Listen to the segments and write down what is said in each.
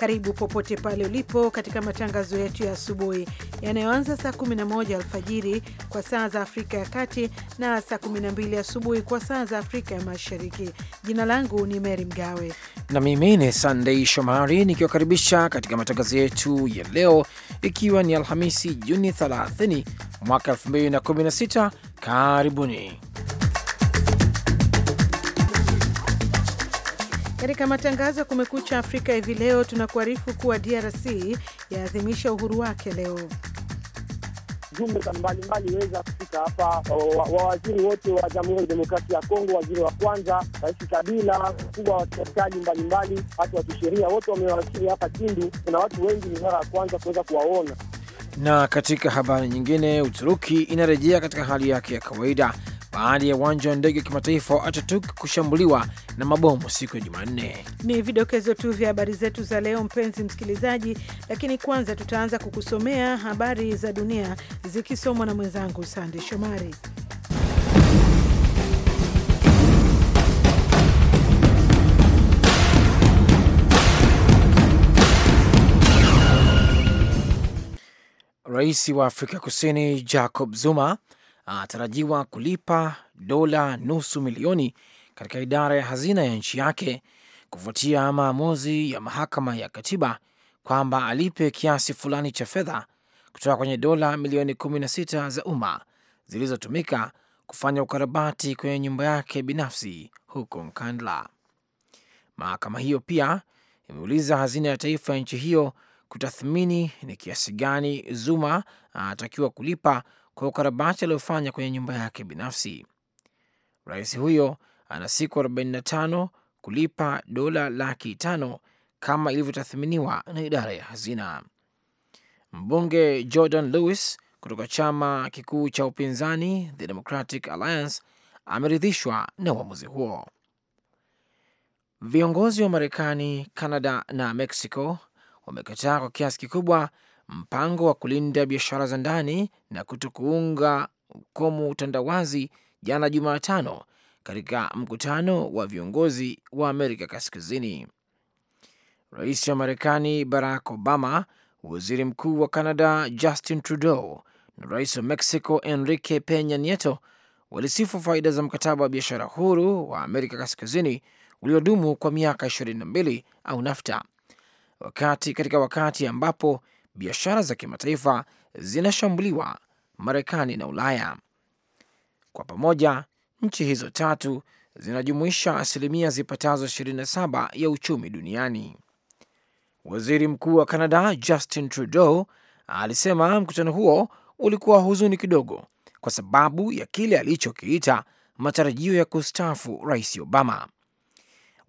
Karibu popote pale ulipo katika matangazo yetu ya asubuhi yanayoanza saa 11 alfajiri kwa saa za Afrika ya Kati na saa 12 asubuhi kwa saa za Afrika ya Mashariki. Jina langu ni Meri Mgawe na mimi ni Sandei Shomari nikiwakaribisha katika matangazo yetu ya leo, ikiwa ni Alhamisi Juni 30 mwaka 2016. Karibuni. Katika matangazo ya Kumekucha Afrika hivi leo, tunakuarifu kuwa DRC yaadhimisha uhuru wake leo. Jumbe mbalimbali weza kufika hapa, wawaziri wote wa Jamhuri ya Demokrasia ya Kongo, waziri wa kwanza Rais Kabila, mkubwa wa serikali mbalimbali, hata wa kisheria wote wamewasili hapa Kindu. Kuna watu wengi, ni mara ya kwanza kuweza kuwaona. Na katika habari nyingine, Uturuki inarejea katika hali yake ya kawaida baada ya uwanja wa ndege wa kimataifa wa Ataturk kushambuliwa na mabomu siku ya Jumanne. Ni vidokezo tu vya habari zetu za leo, mpenzi msikilizaji, lakini kwanza tutaanza kukusomea habari za dunia zikisomwa na mwenzangu Sande Shomari. Rais wa Afrika Kusini Jacob Zuma anatarajiwa kulipa dola nusu milioni katika idara ya hazina ya nchi yake kufuatia maamuzi ya mahakama ya katiba kwamba alipe kiasi fulani cha fedha kutoka kwenye dola milioni 16 za umma zilizotumika kufanya ukarabati kwenye nyumba yake binafsi huko Nkandla. Mahakama hiyo pia imeuliza hazina ya taifa ya nchi hiyo kutathmini ni kiasi gani Zuma anatakiwa kulipa kwa ukarabati aliofanya kwenye nyumba yake binafsi. Rais huyo ana siku 45 kulipa dola laki tano kama ilivyotathminiwa na idara ya hazina. Mbunge Jordan Lewis kutoka chama kikuu cha upinzani The Democratic Alliance ameridhishwa na uamuzi huo. Viongozi wa Marekani, canada na Mexico wamekataa kwa kiasi kikubwa mpango wa kulinda biashara za ndani na kutokuunga ukomo utandawazi jana Jumatano katika mkutano wa viongozi wa Amerika Kaskazini. Rais wa Marekani Barack Obama, waziri mkuu wa Canada Justin Trudeau na rais wa Mexico Enrique Penya Nieto walisifu faida za mkataba wa biashara huru wa Amerika Kaskazini uliodumu kwa miaka 22 au NAFTA wakati katika wakati ambapo biashara za kimataifa zinashambuliwa Marekani na Ulaya. Kwa pamoja, nchi hizo tatu zinajumuisha asilimia zipatazo 27 ya uchumi duniani. Waziri Mkuu wa Kanada Justin Trudeau alisema mkutano huo ulikuwa huzuni kidogo kwa sababu ya kile alichokiita matarajio ya kustaafu Rais Obama.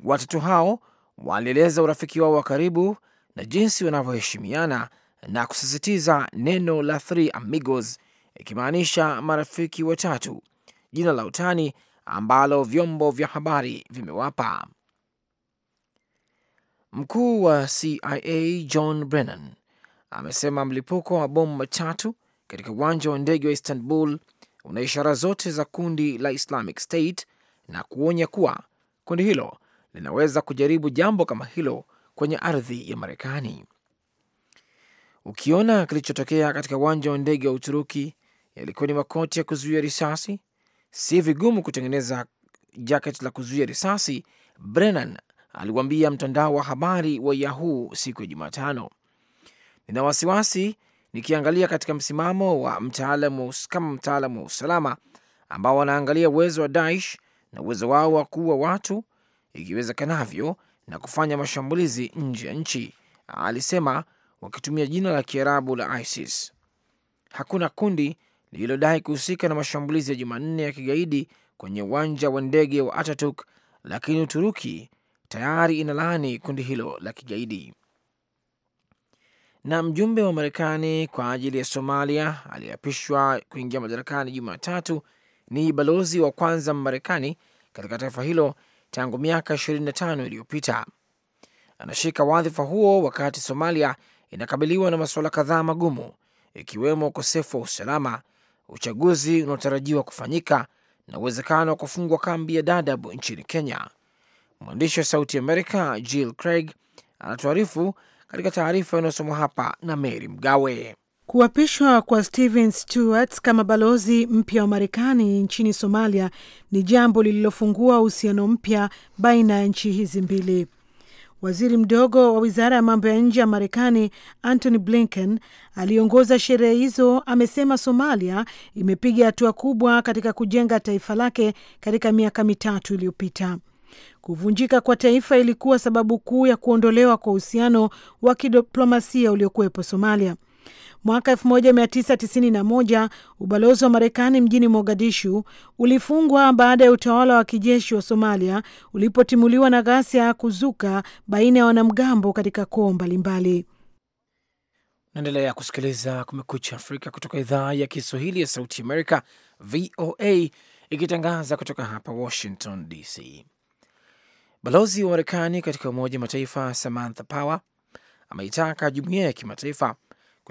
Watatu hao walieleza urafiki wao wa karibu na jinsi wanavyoheshimiana na kusisitiza neno la Three Amigos ikimaanisha marafiki watatu, jina la utani ambalo vyombo vya habari vimewapa. Mkuu wa CIA John Brennan amesema mlipuko wa bomu matatu katika uwanja wa ndege wa Istanbul una ishara zote za kundi la Islamic State na kuonya kuwa kundi hilo linaweza kujaribu jambo kama hilo kwenye ardhi ya Marekani. Ukiona kilichotokea katika uwanja wa ndege wa Uturuki yalikuwa ni makoti ya kuzuia risasi, si vigumu kutengeneza jaket la kuzuia risasi, Brennan aliwaambia mtandao wa habari wa Yahoo siku ya Jumatano. Nina wasiwasi nikiangalia katika msimamo wa mtaalamu kama mtaalamu wa usalama ambao wanaangalia uwezo wa Daesh na uwezo wao wa kuua watu ikiwezekanavyo na kufanya mashambulizi nje ya nchi, alisema wakitumia jina la Kiarabu la ISIS. Hakuna kundi lililodai kuhusika na mashambulizi ya Jumanne ya kigaidi kwenye uwanja wa ndege wa Ataturk, lakini Uturuki tayari inalaani kundi hilo la kigaidi. Na mjumbe wa Marekani kwa ajili ya Somalia aliyeapishwa kuingia madarakani Jumatatu ni balozi wa kwanza marekani katika taifa hilo tangu miaka 25 iliyopita. Anashika wadhifa huo wakati Somalia inakabiliwa na masuala kadhaa magumu, ikiwemo ukosefu wa usalama, uchaguzi unaotarajiwa kufanyika na uwezekano wa kufungwa kambi ya Dadaab nchini Kenya. Mwandishi wa Sauti Amerika Jill Craig anatuarifu katika taarifa inayosomwa hapa na Mary Mgawe. Kuapishwa kwa Steven Stewart kama balozi mpya wa Marekani nchini Somalia ni jambo lililofungua uhusiano mpya baina ya nchi hizi mbili. Waziri mdogo wa wizara ya mambo ya nje ya Marekani Antony Blinken aliongoza sherehe hizo, amesema Somalia imepiga hatua kubwa katika kujenga taifa lake katika miaka mitatu iliyopita. Kuvunjika kwa taifa ilikuwa sababu kuu ya kuondolewa kwa uhusiano wa kidiplomasia uliokuwepo Somalia, Mwaka 1991 ubalozi wa Marekani mjini Mogadishu ulifungwa baada ya utawala wa kijeshi wa Somalia ulipotimuliwa na ghasia ya kuzuka baina ya wanamgambo katika koo mbalimbali. Naendelea kusikiliza Kumekucha Afrika kutoka idhaa ya Kiswahili ya Sauti Amerika, VOA, ikitangaza kutoka hapa Washington DC. Balozi wa Marekani katika Umoja wa Mataifa Samantha Power ameitaka jumuiya ya kimataifa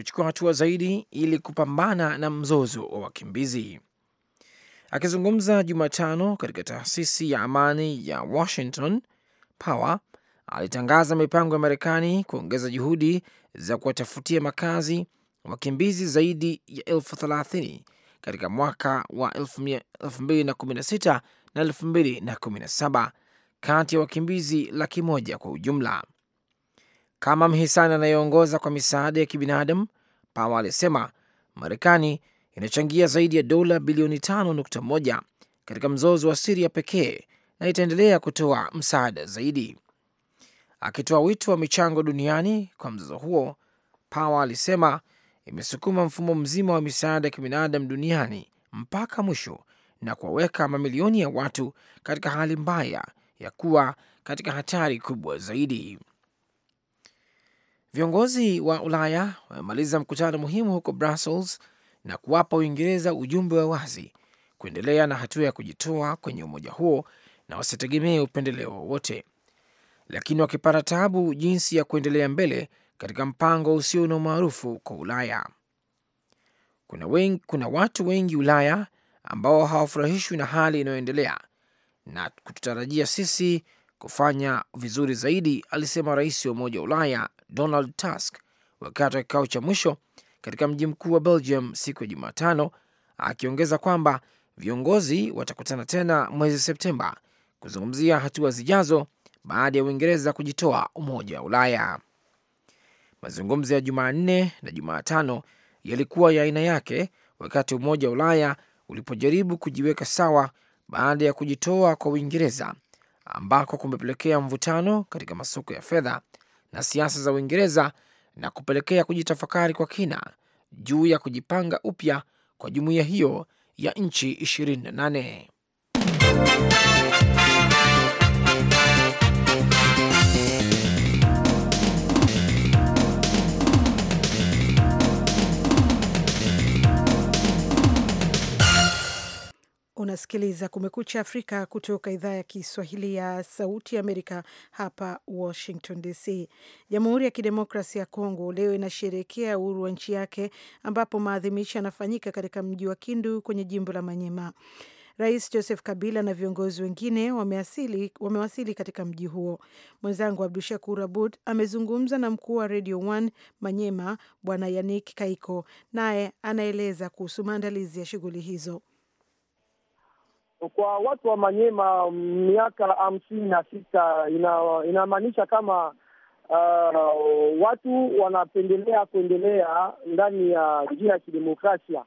kuchukua hatua zaidi ili kupambana na mzozo wa wakimbizi. Akizungumza Jumatano katika taasisi ya amani ya Washington, Power alitangaza mipango ya Marekani kuongeza juhudi za kuwatafutia makazi wakimbizi zaidi ya elfu thelathini katika mwaka wa 2016 na 2017 kati ya wakimbizi laki moja kwa ujumla kama mhisani anayeongoza kwa misaada ya kibinadamu. Pawa alisema Marekani inachangia zaidi ya dola bilioni 5.1 katika mzozo wa Siria pekee na itaendelea kutoa msaada zaidi. Akitoa wito wa michango duniani kwa mzozo huo, Pawa alisema imesukuma mfumo mzima wa misaada ya kibinadamu duniani mpaka mwisho na kuwaweka mamilioni ya watu katika hali mbaya ya kuwa katika hatari kubwa zaidi. Viongozi wa Ulaya wamemaliza mkutano muhimu huko Brussels na kuwapa Uingereza ujumbe wa wazi kuendelea na hatua ya kujitoa kwenye umoja huo na wasitegemee upendeleo wowote, lakini wakipata tabu jinsi ya kuendelea mbele katika mpango usio na umaarufu kwa Ulaya. Kuna, wengi, kuna watu wengi Ulaya ambao hawafurahishwi na hali inayoendelea na kututarajia sisi kufanya vizuri zaidi, alisema rais wa Umoja wa Ulaya Donald Tusk wakati wa kikao cha mwisho katika mji mkuu wa Belgium siku ya Jumatano, akiongeza kwamba viongozi watakutana tena mwezi Septemba kuzungumzia hatua zijazo baada ya Uingereza kujitoa Umoja wa Ulaya. Mazungumzo ya Jumanne na Jumatano yalikuwa ya aina yake wakati Umoja wa Ulaya ulipojaribu kujiweka sawa baada ya kujitoa kwa Uingereza ambako kumepelekea mvutano katika masoko ya fedha na siasa za Uingereza na kupelekea kujitafakari kwa kina juu ya kujipanga upya kwa jumuiya hiyo ya nchi 28. Unasikiliza Kumekucha Afrika kutoka idhaa ya Kiswahili ya Sauti Amerika, hapa Washington DC. Jamhuri ya Kidemokrasi ya Kongo leo inasherehekea uhuru wa nchi yake, ambapo maadhimisho yanafanyika katika mji wa Kindu kwenye jimbo la Manyema. Rais Joseph Kabila na viongozi wengine wamewasili, wamewasili katika mji huo. Mwenzangu Abdu Shakur Abud amezungumza na mkuu wa Radio 1 Manyema, Bwana Yanik Kaiko, naye anaeleza kuhusu maandalizi ya shughuli hizo kwa watu wa Manyema miaka hamsini na sita inamaanisha kama uh, watu wanapendelea kuendelea ndani ya njia ya kidemokrasia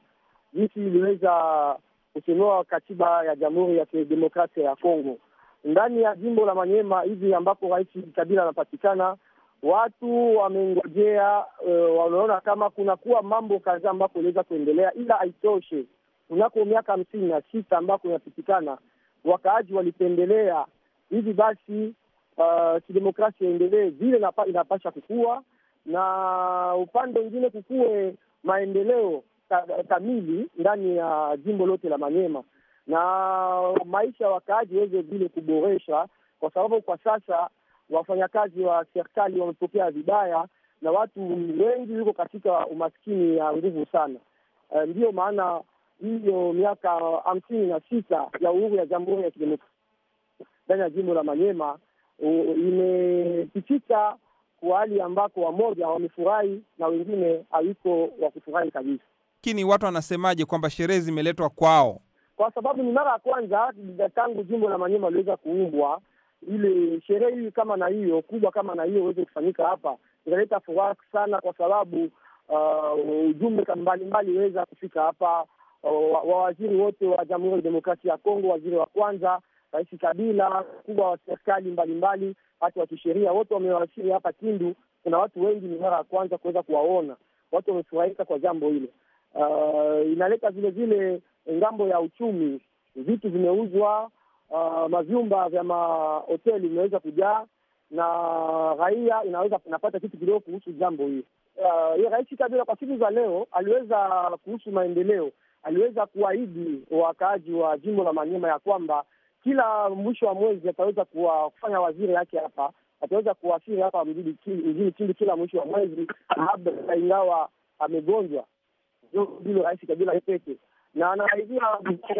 jinsi iliweza kusemewa katiba ya Jamhuri ya Kidemokrasia ya Kongo ndani ya jimbo la Manyema hivi ambapo Rais Kabila anapatikana, watu wamengojea, uh, wanaona kama kunakuwa mambo kadhaa ambapo iliweza kuendelea, ila haitoshe kunako miaka hamsini na sita ambako inapitikana wakaaji walipendelea hivi basi, uh, kidemokrasia endelee vile napa, inapasha kukua na upande wengine kukuwe maendeleo kamili ndani ya jimbo lote la Manyema na maisha ya wakaaji weze vile kuboresha, kwa sababu kwa sasa wafanyakazi wa serikali wamepokea vibaya na watu wengi yuko katika umaskini ya nguvu sana. Uh, ndiyo maana hiyo miaka hamsini na sita ya uhuru ya Jamhuri ya Kidemokrasia ndani ya jimbo la Manyema imepitika kwa hali ambako wamoja wamefurahi na wengine hawiko wa kufurahi kabisa. Lakini watu wanasemaje kwamba sherehe zimeletwa kwao? Kwa sababu ni mara ya kwanza tangu jimbo la Manyema liweza kuumbwa, ile sherehe hii kama na hiyo kubwa kama na hiyo iweze kufanyika hapa, inaleta furaha sana, kwa sababu uh, ujumbe mbalimbali iweza kufika hapa wawaziri wote wa Jamhuri ya Demokrasia ya Kongo, waziri wa kwanza Rais Kabila, kubwa wa serikali mbalimbali, hata wa kisheria, wote wamewasili hapa Kindu. Kuna watu wengi, ni mara ya kwanza kuweza kuwaona, watu wamefurahika kwa jambo hilo. Uh, inaleta vile vile ngambo ya uchumi, vitu vimeuzwa, uh, mavyumba vya mahoteli vimeweza kujaa na raia inaweza inapata kitu kidogo kuhusu jambo hili. Uh, Rais Kabila kwa siku za leo aliweza kuhusu maendeleo aliweza kuahidi wakaaji wa jimbo la Manyema ya kwamba kila mwisho wa mwezi ataweza kufanya waziri yake hapa, ataweza kuwasili hapa mjini Kindu kila mwisho wa mwezi, labda ingawa amegonjwa. Ndilo Rais Kabila peke na anaahidia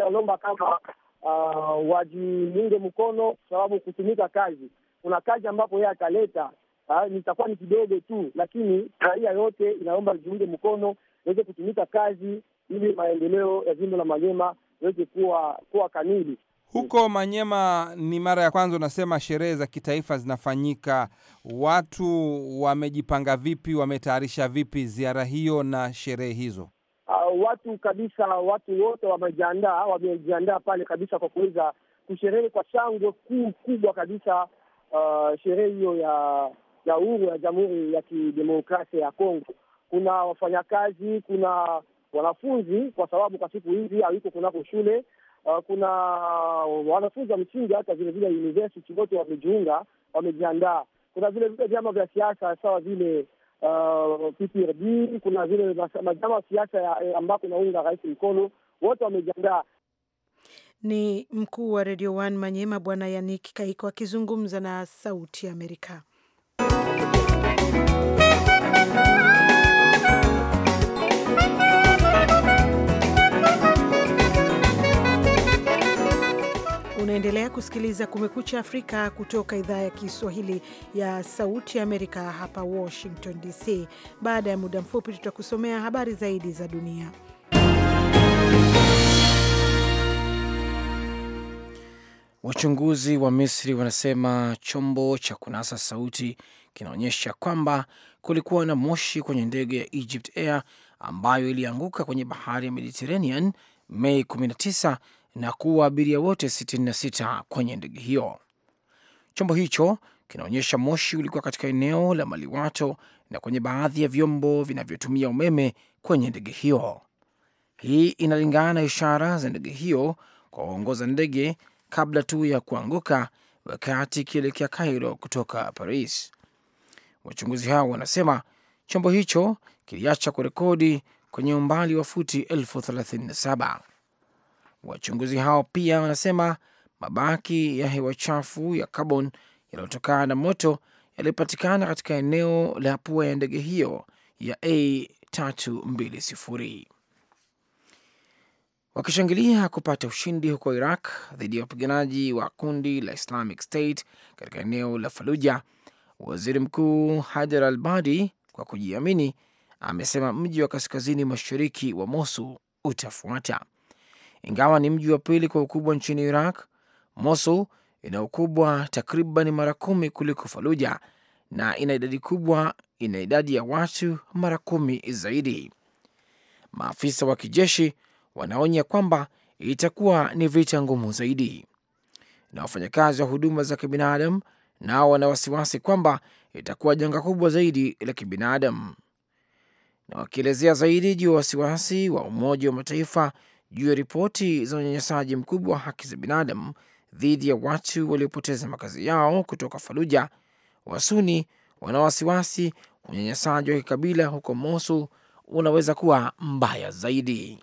walomba kama uh, wajiunge mkono kwa sababu kutumika kazi, kuna kazi ambapo yeye ataleta uh, nitakuwa ni kidogo tu, lakini raia yote inaomba jiunge mkono iweze kutumika kazi ili maendeleo ya jimbo la Manyema iweze kuwa kuwa kamili. Huko Manyema ni mara ya kwanza unasema sherehe za kitaifa zinafanyika. Watu wamejipanga vipi? Wametayarisha vipi ziara hiyo na sherehe hizo? Uh, watu kabisa, watu wote wamejiandaa, wamejiandaa pale kabisa kwa kuweza kusherehe kwa shangwe kuu kubwa kabisa uh, sherehe hiyo ya ya uhuru ya Jamhuri ya Kidemokrasia ya Kongo. Kuna wafanyakazi, kuna wanafunzi, kwa sababu kwa siku hizi hawiko kunako shule. Uh, kuna wanafunzi wa msingi hata vilevile university wote wamejiunga, wamejiandaa. Kuna vilevile vyama vya siasa sawa vile Uh, PPRD kuna vile majama ya siasa ambako naunga rais mkono, wote wamejiandaa. Ni mkuu wa Radio Manyema Bwana yanik Kaiko akizungumza na Sauti ya Amerika. Unaendelea kusikiliza Kumekucha Afrika kutoka idhaa ya Kiswahili ya Sauti ya Amerika, hapa Washington DC. Baada ya muda mfupi, tutakusomea habari zaidi za dunia. Wachunguzi wa Misri wanasema chombo cha kunasa sauti kinaonyesha kwamba kulikuwa na moshi kwenye ndege ya Egypt Air ambayo ilianguka kwenye bahari ya Mediterranean Mei 19 na kuwa abiria wote 66 kwenye ndege hiyo. Chombo hicho kinaonyesha moshi ulikuwa katika eneo la maliwato na kwenye baadhi ya vyombo vinavyotumia umeme kwenye ndege hiyo. Hii inalingana na ishara za ndege hiyo kwa waongoza ndege kabla tu ya kuanguka wakati ikielekea Cairo kutoka Paris. Wachunguzi hao wanasema chombo hicho kiliacha kurekodi kwenye umbali wa futi elfu 37. Wachunguzi hao pia wanasema mabaki ya hewa chafu ya kabon yaliyotokana na moto yaliyopatikana katika eneo la pua ya ndege hiyo ya A320. Wakishangilia kupata ushindi huko Iraq dhidi ya wapiganaji wa kundi la Islamic State katika eneo la Faluja, waziri mkuu Haidar al badi kwa kujiamini amesema mji wa kaskazini mashariki wa Mosul utafuata ingawa ni mji wa pili kwa ukubwa nchini Iraq. Mosul ina ukubwa takriban mara kumi kuliko Faluja na ina idadi kubwa, ina idadi ya watu mara kumi zaidi. Maafisa wa kijeshi wanaonya kwamba itakuwa ni vita ngumu zaidi, na wafanyakazi wa huduma za kibinadamu nao wana wasiwasi kwamba itakuwa janga kubwa zaidi la kibinadamu, na wakielezea zaidi juu ya wasiwasi wa Umoja wa Mataifa juu ya ripoti za unyanyasaji mkubwa wa haki za binadamu dhidi ya watu waliopoteza makazi yao kutoka Faluja. Wasuni wana wasiwasi unyanyasaji wa kikabila huko Mosul unaweza kuwa mbaya zaidi.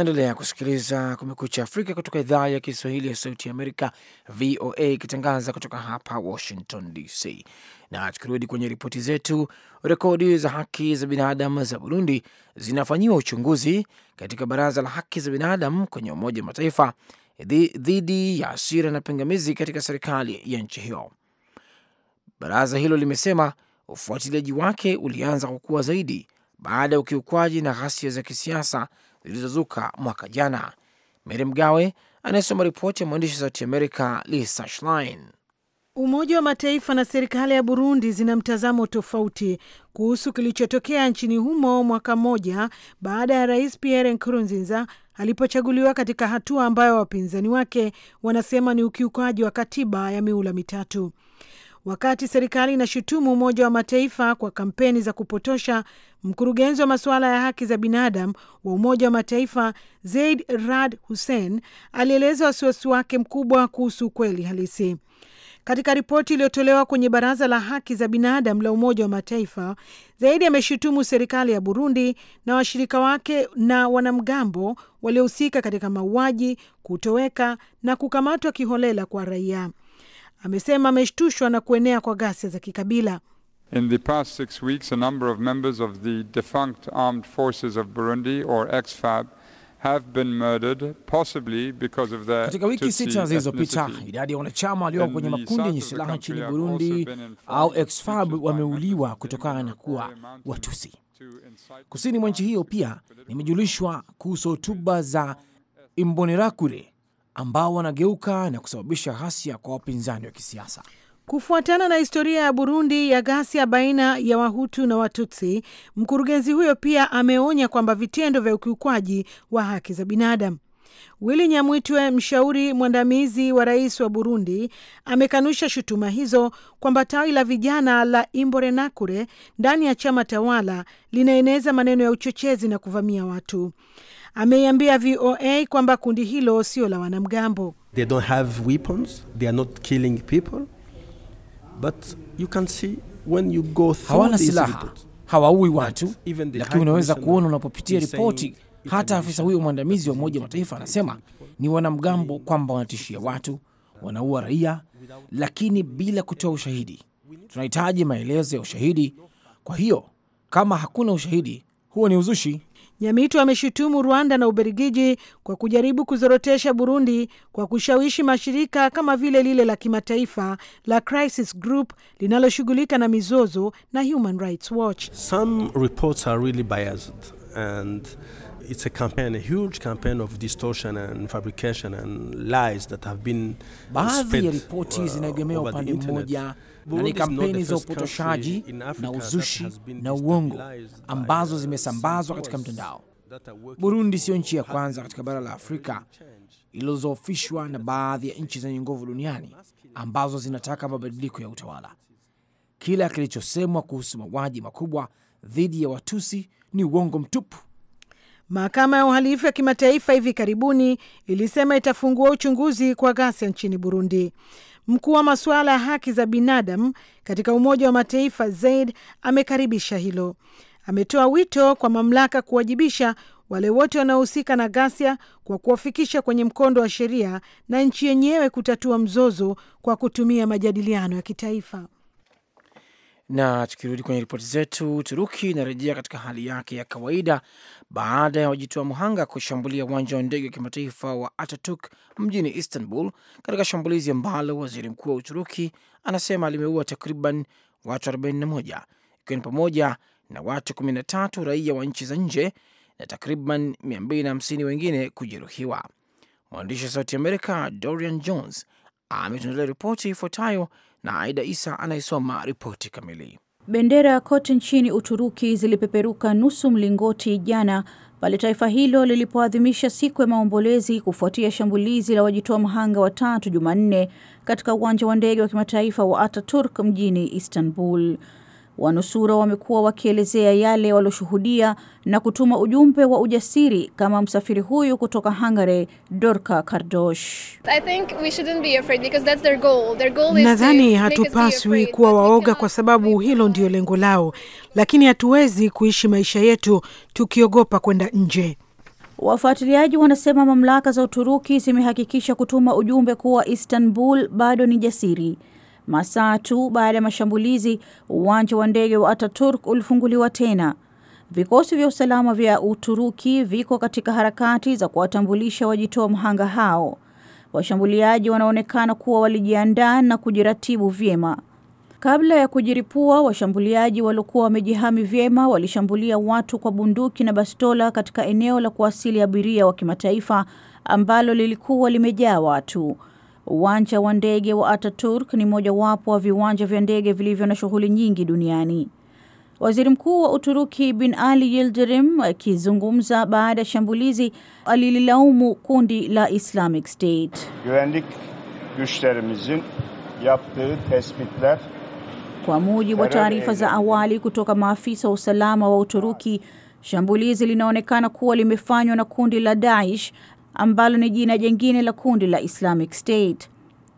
Naendelea kusikiliza Kumekucha Afrika kutoka idhaa ya Kiswahili ya Sauti ya Amerika, VOA, ikitangaza kutoka hapa Washington DC. Na tukirudi kwenye ripoti zetu, rekodi za haki za binadamu za Burundi zinafanyiwa uchunguzi katika Baraza la Haki za Binadamu kwenye Umoja wa Mataifa dhidi ya asira na pingamizi katika serikali ya nchi hiyo. Baraza hilo limesema ufuatiliaji wake ulianza kukua zaidi baada ya ukiukwaji na ghasia za kisiasa zilizozuka mwaka jana. mary Mgawe anayesoma ripoti ya mwandishi wa Sauti Amerika Lisa Schlein. Umoja wa Mataifa na serikali ya Burundi zina mtazamo tofauti kuhusu kilichotokea nchini humo mwaka mmoja baada ya Rais Pierre Nkurunziza alipochaguliwa katika hatua ambayo wapinzani wake wanasema ni ukiukaji wa katiba ya miula mitatu. Wakati serikali inashutumu Umoja wa Mataifa kwa kampeni za kupotosha, mkurugenzi wa masuala ya haki za binadamu wa Umoja wa Mataifa Zaid Rad Hussein alieleza wasiwasi wake mkubwa kuhusu ukweli halisi. Katika ripoti iliyotolewa kwenye Baraza la Haki za Binadamu la Umoja wa Mataifa, Zaidi ameshutumu serikali ya Burundi na washirika wake na wanamgambo waliohusika katika mauaji, kutoweka na kukamatwa kiholela kwa raia amesema ameshtushwa na kuenea kwa ghasia za kikabila. In the past six weeks, a number of members of the defunct armed forces of Burundi or have been murdered, possibly because of their Katika wiki sita zilizopita, idadi ya wanachama walioko kwenye makundi yenye silaha nchini Burundi au exfab wameuliwa kutokana na kuwa Watusi. Kusini mwa nchi hiyo pia nimejulishwa kuhusu hotuba za Imbonerakure ambao wanageuka na kusababisha ghasia kwa wapinzani wa kisiasa. Kufuatana na historia ya Burundi ya ghasia baina ya Wahutu na Watutsi, mkurugenzi huyo pia ameonya kwamba vitendo vya ukiukwaji wa haki za binadamu Willy Nyamwitwe, mshauri mwandamizi wa rais wa Burundi, amekanusha shutuma hizo kwamba tawi la vijana la nakure ndani ya chama tawala linaeneza maneno ya uchochezi na kuvamia watu ameiambia VOA kwamba kundi hilo sio la wanamgambo. They don't have weapons, they are not killing people. But you can see when you go through hawana silaha, hawaui watu, lakini unaweza kuona unapopitia ripoti hata afisa huyo mwandamizi wa Umoja wa Mataifa anasema ni wanamgambo, kwamba wanatishia watu, wanaua raia, lakini bila kutoa ushahidi. Tunahitaji maelezo ya ushahidi. Kwa hiyo kama hakuna ushahidi, huo ni uzushi. Nyamwita ameshutumu Rwanda na Ubelgiji kwa kujaribu kuzorotesha Burundi kwa kushawishi mashirika kama vile lile la kimataifa la Crisis Group linaloshughulika na mizozo na Human Rights Watch. Some reports are really biased and it's a campaign, a huge campaign of distortion and fabrication and lies that have been. Baadhi ya ripoti uh, zinaegemea upande mmoja na ni kampeni za upotoshaji na uzushi na uongo ambazo uh, zimesambazwa katika mtandao. Burundi siyo nchi ya kwanza katika bara la Afrika ilizoofishwa na baadhi ya nchi zenye nguvu duniani ambazo zinataka mabadiliko ya utawala. Kila kilichosemwa kuhusu mauaji makubwa dhidi ya Watusi ni uongo mtupu Mahakama ya Uhalifu ya Kimataifa hivi karibuni ilisema itafungua uchunguzi kwa ghasia nchini Burundi. Mkuu wa masuala ya haki za binadamu katika Umoja wa Mataifa Zaid amekaribisha hilo. Ametoa wito kwa mamlaka kuwajibisha wale wote wanaohusika na ghasia kwa kuwafikisha kwenye mkondo wa sheria na nchi yenyewe kutatua mzozo kwa kutumia majadiliano ya kitaifa. Na tukirudi kwenye ripoti zetu, Uturuki inarejea katika hali yake ya kawaida baada ya wajitoa muhanga kushambulia uwanja wa ndege wa kimataifa wa Ataturk mjini Istanbul, katika shambulizi ambalo waziri mkuu wa Uturuki anasema limeua takriban watu 41 ikiwa ni pamoja na watu 13 raia wa nchi za nje na takriban 250 wengine kujeruhiwa. Mwandishi wa Sauti Amerika Dorian Jones ametuandalia ripoti ifuatayo na Aida Isa anayesoma ripoti kamili. Bendera kote nchini Uturuki zilipeperuka nusu mlingoti jana pale taifa hilo lilipoadhimisha siku ya maombolezi kufuatia shambulizi la wajitoa mhanga watatu Jumanne katika uwanja wa ndege wa kimataifa wa Ataturk mjini Istanbul. Wanusura wamekuwa wakielezea yale walioshuhudia na kutuma ujumbe wa ujasiri kama msafiri huyu kutoka Hungary, Dorka Kardosh. Nadhani hatupaswi kuwa waoga kwa sababu hilo ndiyo lengo lao, lakini hatuwezi kuishi maisha yetu tukiogopa kwenda nje. Wafuatiliaji wanasema mamlaka za Uturuki zimehakikisha kutuma ujumbe kuwa Istanbul bado ni jasiri. Masaa tu baada ya mashambulizi, uwanja wa ndege wa Ataturk ulifunguliwa tena. Vikosi vya usalama vya Uturuki viko katika harakati za kuwatambulisha wajitoa mhanga hao. Washambuliaji wanaonekana kuwa walijiandaa na kujiratibu vyema. Kabla ya kujiripua, washambuliaji waliokuwa wamejihami vyema walishambulia watu kwa bunduki na bastola katika eneo la kuwasili abiria wa kimataifa ambalo lilikuwa limejaa watu. Uwanja wa ndege wa Ataturk ni mojawapo wa viwanja vya ndege vilivyo na shughuli nyingi duniani. Waziri Mkuu wa Uturuki Bin Ali Yildirim akizungumza baada ya shambulizi alililaumu kundi la Islamic State. Güvenlik güçlerimizin yaptığı tespitler kwa mujibu wa taarifa za awali kutoka maafisa wa usalama wa Uturuki, shambulizi linaonekana kuwa limefanywa na kundi la Daesh ambalo ni jina jingine la kundi la Islamic State.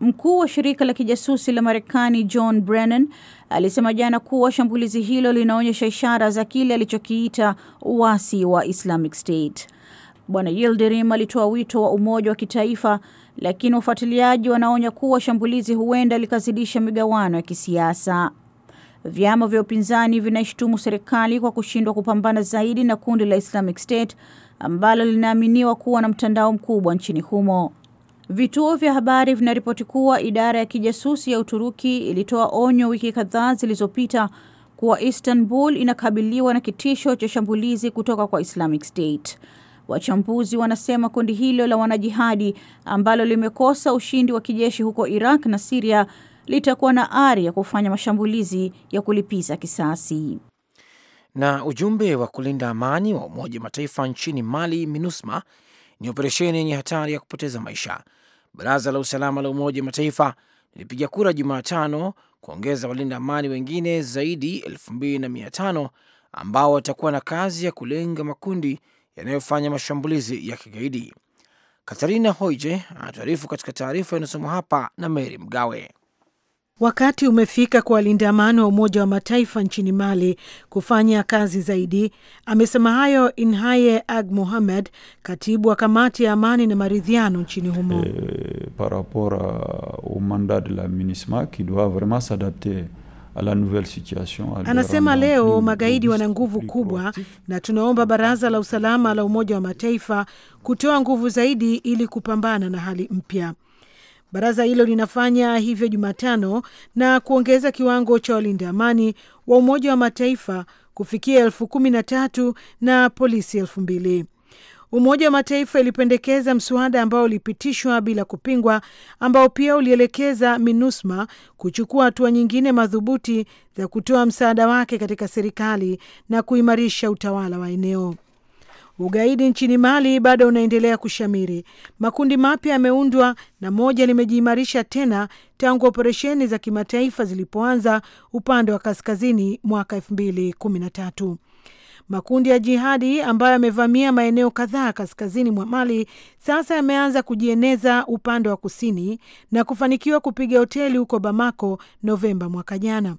Mkuu wa shirika la kijasusi la Marekani John Brennan alisema jana kuwa shambulizi hilo linaonyesha ishara za kile alichokiita uasi wa Islamic State. Bwana Yildirim alitoa wito wa umoja wa kitaifa, lakini wafuatiliaji wanaonya kuwa shambulizi huenda likazidisha migawano ya kisiasa. Vyama vya upinzani vinashtumu serikali kwa kushindwa kupambana zaidi na kundi la Islamic State ambalo linaaminiwa kuwa na mtandao mkubwa nchini humo. Vituo vya habari vinaripoti kuwa idara ya kijasusi ya Uturuki ilitoa onyo wiki kadhaa zilizopita kuwa Istanbul inakabiliwa na kitisho cha shambulizi kutoka kwa Islamic State. Wachambuzi wanasema kundi hilo la wanajihadi ambalo limekosa ushindi wa kijeshi huko Iraq na Siria litakuwa na ari ya kufanya mashambulizi ya kulipiza kisasi. Na ujumbe wa kulinda amani wa Umoja wa Mataifa nchini Mali, MINUSMA, ni operesheni yenye hatari ya kupoteza maisha. Baraza la Usalama la Umoja wa Mataifa lilipiga kura Jumatano kuongeza walinda amani wengine zaidi elfu na ambao watakuwa na kazi ya kulenga makundi yanayofanya mashambulizi ya kigaidi. Katarina Hoije anatuarifu katika taarifa inayosomwa hapa na Mary Mgawe. Wakati umefika kwa walinda amani wa Umoja wa Mataifa nchini Mali kufanya kazi zaidi. Amesema hayo Inhaye Ag muhamed katibu wa kamati ya amani na maridhiano nchini humo. Eh, par rapport au mandat de la MINUSMA qui doit vraiment s'adapter anasema leo magaidi wana nguvu kubwa, na tunaomba baraza la usalama la Umoja wa Mataifa kutoa nguvu zaidi ili kupambana na hali mpya. Baraza hilo linafanya hivyo Jumatano na kuongeza kiwango cha walinda amani wa Umoja wa Mataifa kufikia elfu kumi na tatu na polisi elfu mbili. Umoja wa Mataifa ilipendekeza mswada ambao ulipitishwa bila kupingwa, ambao pia ulielekeza MINUSMA kuchukua hatua nyingine madhubuti za kutoa msaada wake katika serikali na kuimarisha utawala wa eneo. Ugaidi nchini Mali bado unaendelea kushamiri. Makundi mapya yameundwa na moja limejiimarisha tena tangu operesheni za kimataifa zilipoanza upande wa kaskazini mwaka kumi tatu. Makundi ya jihadi ambayo yamevamia maeneo kadhaa kaskazini mwa Mali sasa yameanza kujieneza upande wa kusini na kufanikiwa kupiga hoteli huko Bamako Novemba mwaka jana.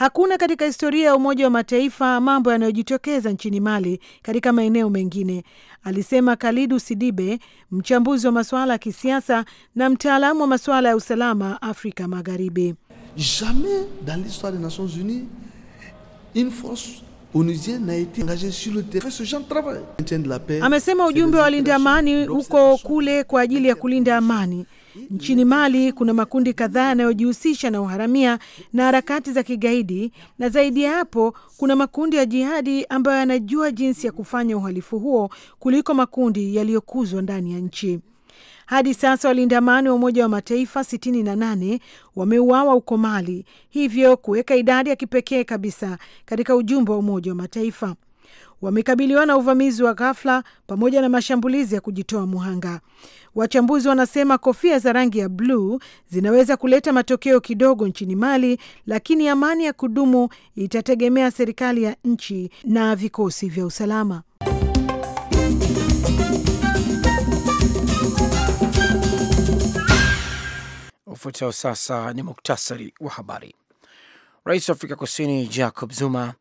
Hakuna katika historia ya Umoja wa Mataifa mambo yanayojitokeza nchini Mali katika maeneo mengine, alisema Kalidu Sidibe, mchambuzi wa masuala ya kisiasa na mtaalamu wa masuala ya usalama Afrika Magharibi. Jamais dans l'histoire des Nations Unies une force Amesema ujumbe wa walinda amani huko kule kwa ajili ya kulinda amani Nchini Mali kuna makundi kadhaa yanayojihusisha na uharamia na harakati za kigaidi, na zaidi ya hapo kuna makundi ya jihadi ambayo yanajua jinsi ya kufanya uhalifu huo kuliko makundi yaliyokuzwa ndani ya nchi. Hadi sasa walinda amani wa Umoja wa Mataifa 68 wameuawa huko Mali, hivyo kuweka idadi ya kipekee kabisa katika ujumbe wa Umoja wa Mataifa. Wamekabiliwa na uvamizi wa ghafla pamoja na mashambulizi ya kujitoa muhanga. Wachambuzi wanasema kofia za rangi ya bluu zinaweza kuleta matokeo kidogo nchini Mali, lakini amani ya kudumu itategemea serikali ya nchi na vikosi vya usalama. Ufuatao sasa ni muktasari wa habari. Rais wa Afrika Kusini Jacob Zuma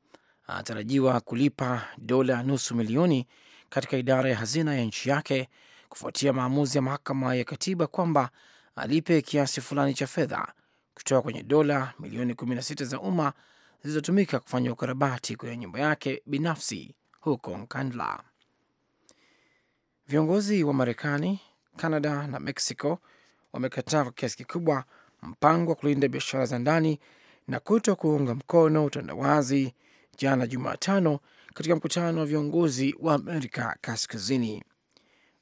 anatarajiwa kulipa dola nusu milioni katika idara ya hazina ya nchi yake kufuatia maamuzi ya mahakama ya katiba kwamba alipe kiasi fulani cha fedha kutoka kwenye dola milioni 16 za umma zilizotumika kufanya ukarabati kwenye nyumba yake binafsi huko Nkandla. Viongozi wa Marekani, canada na Mexico wamekataa kwa kiasi kikubwa mpango wa kulinda biashara za ndani na kuto kuunga mkono utandawazi jana Jumatano, katika mkutano wa viongozi wa Amerika Kaskazini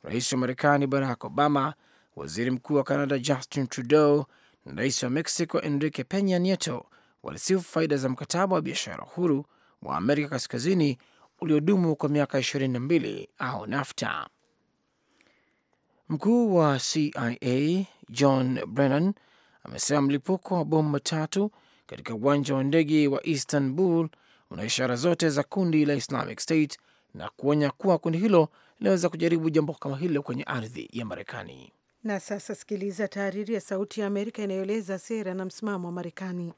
rais wa Marekani Barack Obama, waziri mkuu wa Canada Justin Trudeau na rais wa Mexico Enrique Penya Nieto walisifu faida za mkataba wa biashara huru wa Amerika Kaskazini uliodumu kwa miaka 22 au NAFTA. Mkuu wa CIA John Brennan amesema mlipuko wa bomu matatu katika uwanja wa ndege wa Istanbul una ishara zote za kundi la Islamic State na kuonya kuwa kundi hilo inaweza kujaribu jambo kama hilo kwenye ardhi ya Marekani. Na sasa sikiliza tahariri ya Sauti ya Amerika inayoeleza sera na msimamo wa Marekani.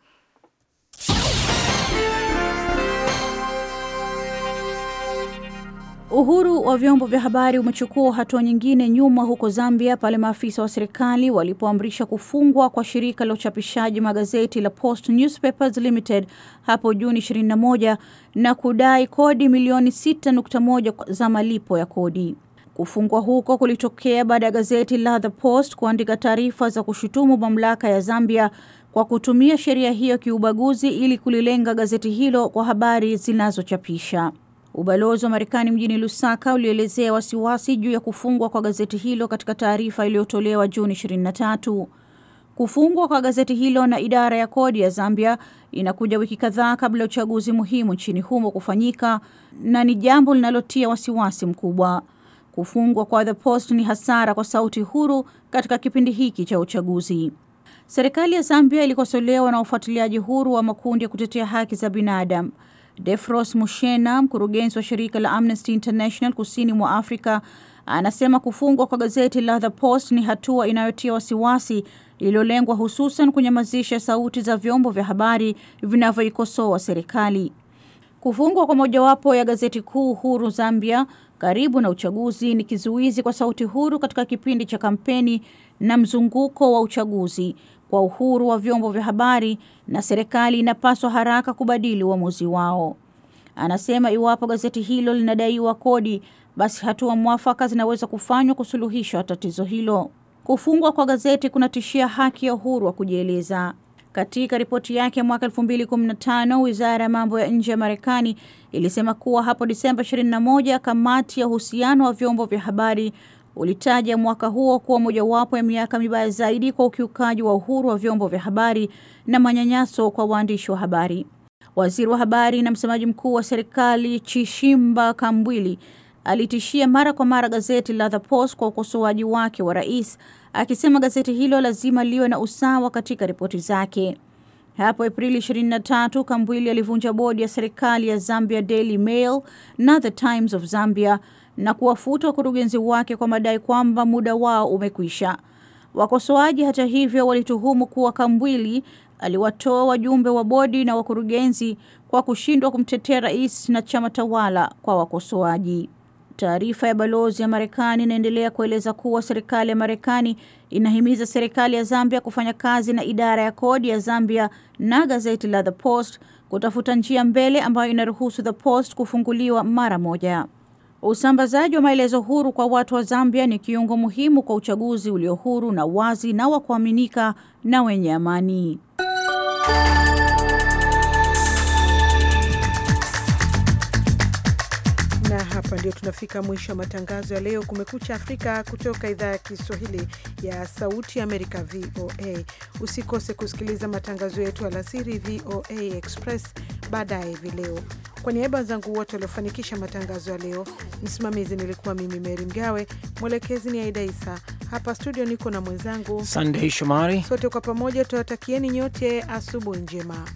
Uhuru wa vyombo vya habari umechukua hatua nyingine nyuma huko Zambia pale maafisa wa serikali walipoamrisha kufungwa kwa shirika la uchapishaji magazeti la Post Newspapers Limited hapo Juni 21 na kudai kodi milioni 6.1 za malipo ya kodi. Kufungwa huko kulitokea baada ya gazeti la The Post kuandika taarifa za kushutumu mamlaka ya Zambia kwa kutumia sheria hiyo kiubaguzi ili kulilenga gazeti hilo kwa habari zinazochapisha. Ubalozi wa Marekani mjini Lusaka ulielezea wasiwasi juu ya kufungwa kwa gazeti hilo katika taarifa iliyotolewa Juni 23. Kufungwa kwa gazeti hilo na idara ya kodi ya Zambia inakuja wiki kadhaa kabla ya uchaguzi muhimu nchini humo kufanyika na ni jambo linalotia wasiwasi mkubwa. Kufungwa kwa The Post ni hasara kwa sauti huru katika kipindi hiki cha uchaguzi. Serikali ya Zambia ilikosolewa na ufuatiliaji huru wa makundi ya kutetea haki za binadamu. Defros Mushena, mkurugenzi wa shirika la Amnesty International kusini mwa Afrika, anasema kufungwa kwa gazeti la The Post ni hatua inayotia wasiwasi iliyolengwa hususan kunyamazisha sauti za vyombo vya habari vinavyoikosoa serikali. Kufungwa kwa mojawapo ya gazeti kuu huru Zambia karibu na uchaguzi ni kizuizi kwa sauti huru katika kipindi cha kampeni na mzunguko wa uchaguzi, kwa uhuru wa vyombo vya habari na serikali inapaswa haraka kubadili uamuzi wa wao. Anasema iwapo gazeti hilo linadaiwa kodi, basi hatua mwafaka zinaweza kufanywa kusuluhisha tatizo hilo. Kufungwa kwa gazeti kunatishia haki ya uhuru wa kujieleza. Katika ripoti yake mwaka 2015 wizara ya mambo ya nje ya Marekani ilisema kuwa hapo Disemba 21 kamati ya uhusiano wa vyombo vya habari ulitaja mwaka huo kuwa mojawapo ya miaka mibaya zaidi kwa ukiukaji wa uhuru wa vyombo vya habari na manyanyaso kwa waandishi wa habari. Waziri wa habari na msemaji mkuu wa serikali Chishimba Kambwili alitishia mara kwa mara gazeti la The Post kwa ukosoaji wake wa rais, akisema gazeti hilo lazima liwe na usawa katika ripoti zake. Hapo Aprili 23 Kambwili alivunja bodi ya serikali ya Zambia Daily Mail na The Times of Zambia na kuwafuta wakurugenzi wake kwa madai kwamba muda wao umekwisha. Wakosoaji hata hivyo walituhumu kuwa Kambwili aliwatoa wajumbe wa bodi na wakurugenzi kwa kushindwa kumtetea rais na chama tawala kwa wakosoaji. Taarifa ya balozi ya Marekani inaendelea kueleza kuwa serikali ya Marekani inahimiza serikali ya Zambia kufanya kazi na idara ya kodi ya Zambia na gazeti la The Post kutafuta njia mbele ambayo inaruhusu The Post kufunguliwa mara moja. Usambazaji wa maelezo huru kwa watu wa Zambia ni kiungo muhimu kwa uchaguzi ulio huru na wazi na wa kuaminika na wenye amani. Hapa ndio tunafika mwisho wa matangazo ya leo Kumekucha Afrika kutoka idhaa ya Kiswahili ya Sauti Amerika, VOA. Usikose kusikiliza matangazo yetu alasiri, VOA Express, baadaye hivi leo. Kwa niaba zangu wote waliofanikisha matangazo ya leo, msimamizi nilikuwa mimi Meri Mgawe, mwelekezi ni Aida Isa. Hapa studio niko na mwenzangu Sandei Shomari. Sote kwa pamoja tunawatakieni nyote asubuhi njema.